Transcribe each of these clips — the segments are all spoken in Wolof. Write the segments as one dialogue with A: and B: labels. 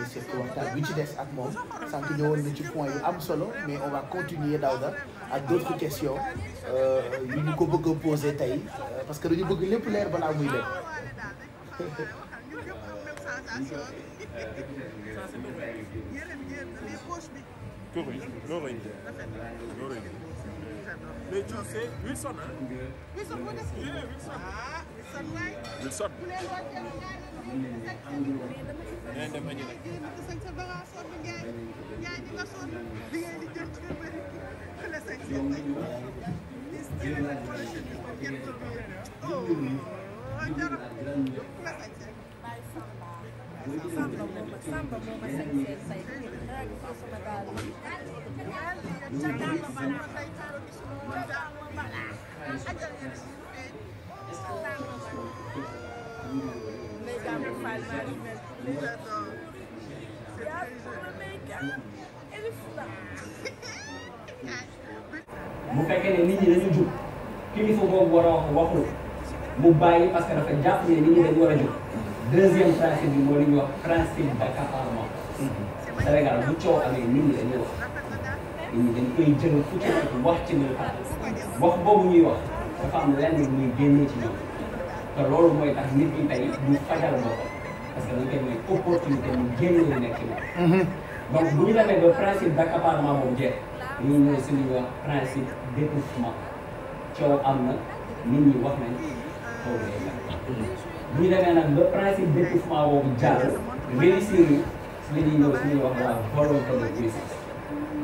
A: mais surtout waxtaan bi ci des ak moom sànq ñëwoon na ci point yu am solo mais on va continuer Daouda ak d'autres questions euh ñu ko bëgg poser tay euh, parce que dañu bëgg lépp leer bala muy dem. tourisme loolu la mais John c'est Wilson ah. Wilson moo des. oui Wilson. ah Wilson waay. Wilson. bu leen wax kenn ñaari nit ñi sax sa bëgg a sonn Ndiaye Ndiaye di nga sonn di ngeen di
B: jël ci lu bëri xëy na sañ seen ay. ministre bi la wala chef bi moom kenn ko biir. oh jarab ku la sañ
A: seen. Samba moom a Samba moom a sañ seen say. bu
B: fekkee ne nit ñi dañu jub kilifa boobu wax mu bàyyi parce que dafa jàpp ne nit ñi dañu war a jub deuxième principe bi moo li ñuy wax principe d'accaparement ñi dañuy wax dañ koy jël fu ci wax ci ne wax boobu ñuy wax dafa am lenn muy génne ci ñoom te loolu mooy tax nit ñi tey du fajal boppam parce que dañ koy may opportunité mu génne la nekk ci moom. Mhm. donc bu ñu demee ba principe d'accaparement jeex ñu ñëw si li ñuy wax principe d'étouffement coow am na nit ñi wax nañ coow day nag ba principe d'étouffement boobu jàll réussir li ñuy ñëw si li ñuy wax la volonté de puissance.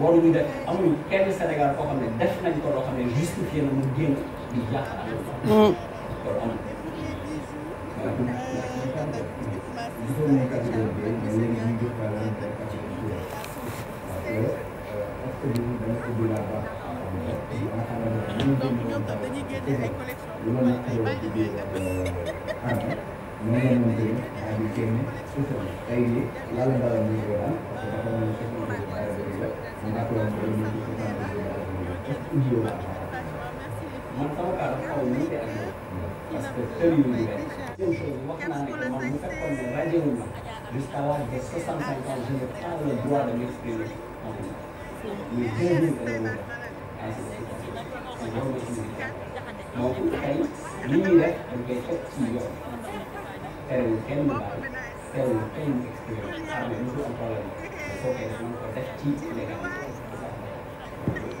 B: waruñu def amuñu kenn Sénégal koo xam ne def nañ ko loo xam ne justifié na mu génn
A: di yàq ak mm. loolu amul ñu ngi leen di mën a jëlee ay ay ay ay ay ay ay ay ay ay ay ay ay ay ay yu man
B: sama kaa dafa xaw a wuute ak moom parce que kër yu ñu mel. même chose wax
A: naa ne que man
B: bu fekkoon ne rajo wu ma jusqu'à l'âge de 65 ans je n'ai pas le droit de m'exprimer en public. mais deux mille dana donc tey li ñuy def dañ koy teg ci yoon teewul kenn mu daal teewul kenn mu exprimer xam ne mosul am problème il faut que ko def ci légalité